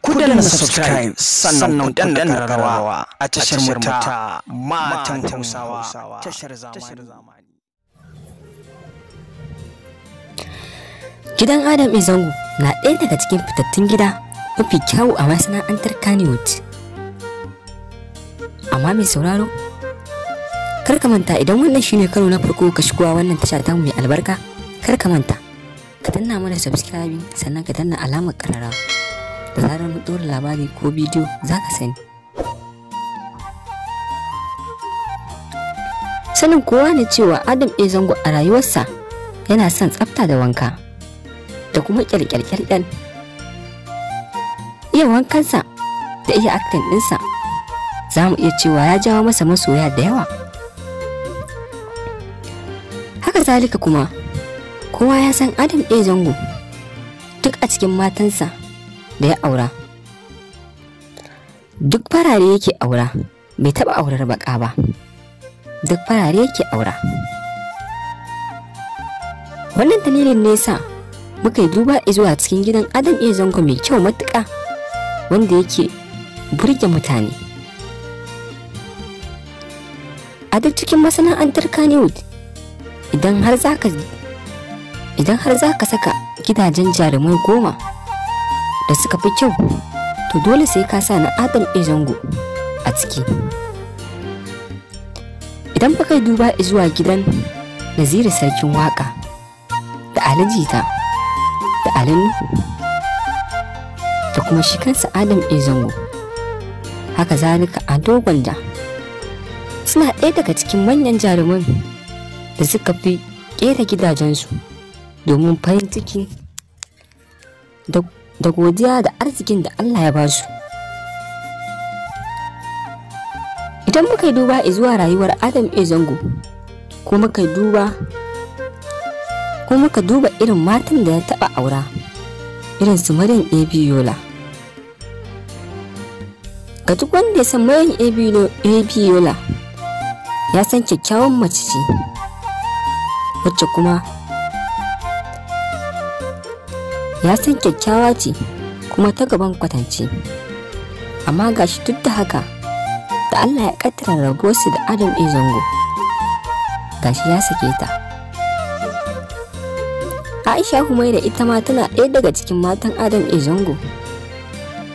ku danna subscribe sannan ku danna rawa a tashar mu ta matan Hausawa tashar zamani Gidan Adam Izangu na ɗaya daga cikin fitattun gida mafi kyau a masana'antar Kannywood. Amma mai sauraro, kar ka manta idan wannan shine karo na farko ka shigowa wannan tasha ta mai albarka, kar ka manta. Ka danna mana subscribe sannan ka danna alamar ƙararrawa. da zarar mun dora labari ko bidiyo za ka sani sanin kowa ne cewa adam e zango a rayuwarsa yana son tsafta da wanka da kuma ɗan. iya wankansa da iya aktin ɗinsa za mu iya cewa ya jawo masa masoya da yawa haka zalika kuma kowa ya san adam e zango duk a cikin matansa da ya aura duk farare yake aura bai taɓa aurar baƙa ba duk farare yake aura wannan dalilin ne sa muka yi duba zuwa cikin gidan adam iya zango mai kyau matuƙa wanda yake burge mutane a duk cikin masana'antar kanewood idan har za ka saka gidajen jarumai goma da suka fi kyau to dole sai ka sa na adam zango a ciki idan ba kai duba zuwa gidan naziri sarkin waka da ta da alinu da kuma shi kansa adam zango haka zalika a dogon da suna ɗaya daga cikin manyan jaruman da suka fi ƙera gidajensu domin farin ciki da da godiya da arzikin da Allah ya basu. Idan muka yi duba zuwa rayuwar Adam A. Zango, ko muka duba irin matan da ya taɓa aura, irin su Maryam Abiyola. Ga duk wanda ya san Maryam Abiola, ya san kyakkyawan mace ce, wacce kuma ya san kyakkyawa ce kuma ta gaban kwatance amma gashi duk da haka da Allah ya kaddara ragosu da Adam e zango gashi ya sake ta Aisha kuma da ita ma tana ɗaya daga cikin matan Adam e zango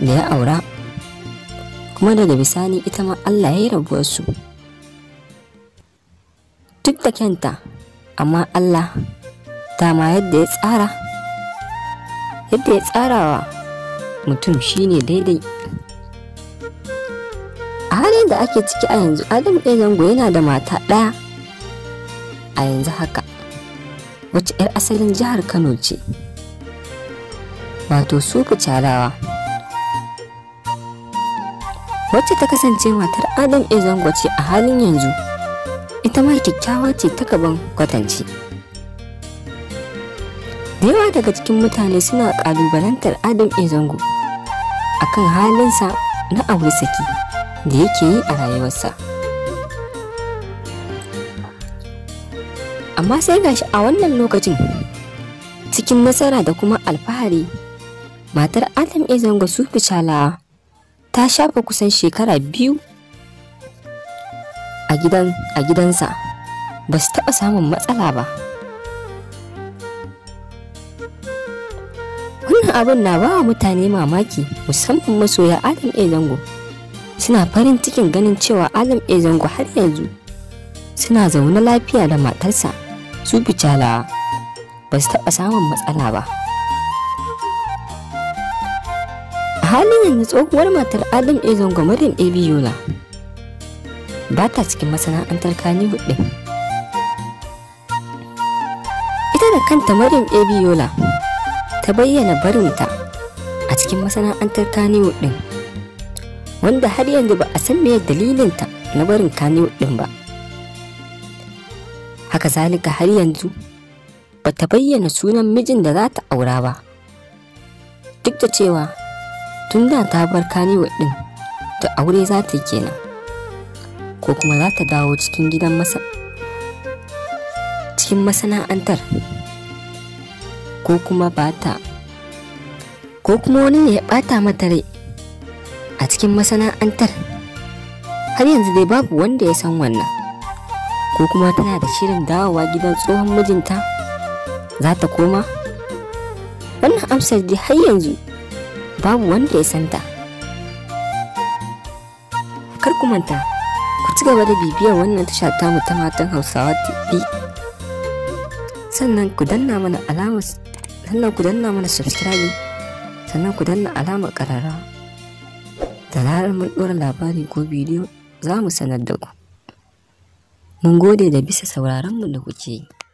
da ya aura kuma daga bisani ita ma Allah ya yi rabuwarsu duk da kyanta amma Allah dama yadda ya tsara yadda ya tsarawa mutum shine daidai a halin da ake ciki a yanzu adam ɗaya zango yana da mata ɗaya a yanzu haka wacce 'yar asalin jihar kano ce wato su kucarawa wacce ta kasance matar adam zango ce a halin yanzu ita ma kyakkyawa ce ta gaban kwatance. da yawa daga cikin mutane suna ƙalubalantar adam zango a kan halinsa na aure saki da yake yi a rayuwarsa amma sai gashi a wannan lokacin cikin nasara da kuma alfahari matar adam zango su ficalawa ta shafa kusan shekara biyu a gidansa ba su taɓa samun matsala ba wannan abin na ba wa mutane mamaki musamman masoya adam E'zango suna farin cikin ganin cewa adam E'zango har yanzu suna zaune lafiya da matarsa su bicalawa ba su taɓa samun matsala ba a halin yanzu tsohuwar matar adam E'zango zango Ebi Yola ba ta cikin masana'antar kani ɗin ita da kanta maryam Yola. ta bayyana barinta a cikin masana'antar kaniwood ɗin wanda har yanzu ba a san me dalilinta na barin kaniwood ɗin ba haka zalika har yanzu ba ta bayyana sunan mijin da za ta aura ba duk da cewa tun da ta bar kaniwood ɗin ta aure za ta yi kenan ko kuma za ta dawo cikin gidan masa cikin masana'antar ko kuma bata ko kuma wani ne ya bata mata rai a cikin masana'antar har yanzu dai babu wanda ya san wannan ko kuma tana da shirin dawowa gidan tsohon mijinta za ta koma wannan amsar dai har yanzu babu wanda ya santa kar ku manta ku ci gaba da bibiya wannan tasha tamu ta matan hausawa sannan ku danna mana alamar sannan ku danna mana subscribe sannan ku danna alamar karara da zarar mun dora labari ko bidiyo za mu sanar da ku mun gode da bisa sauraron mu da kuke yi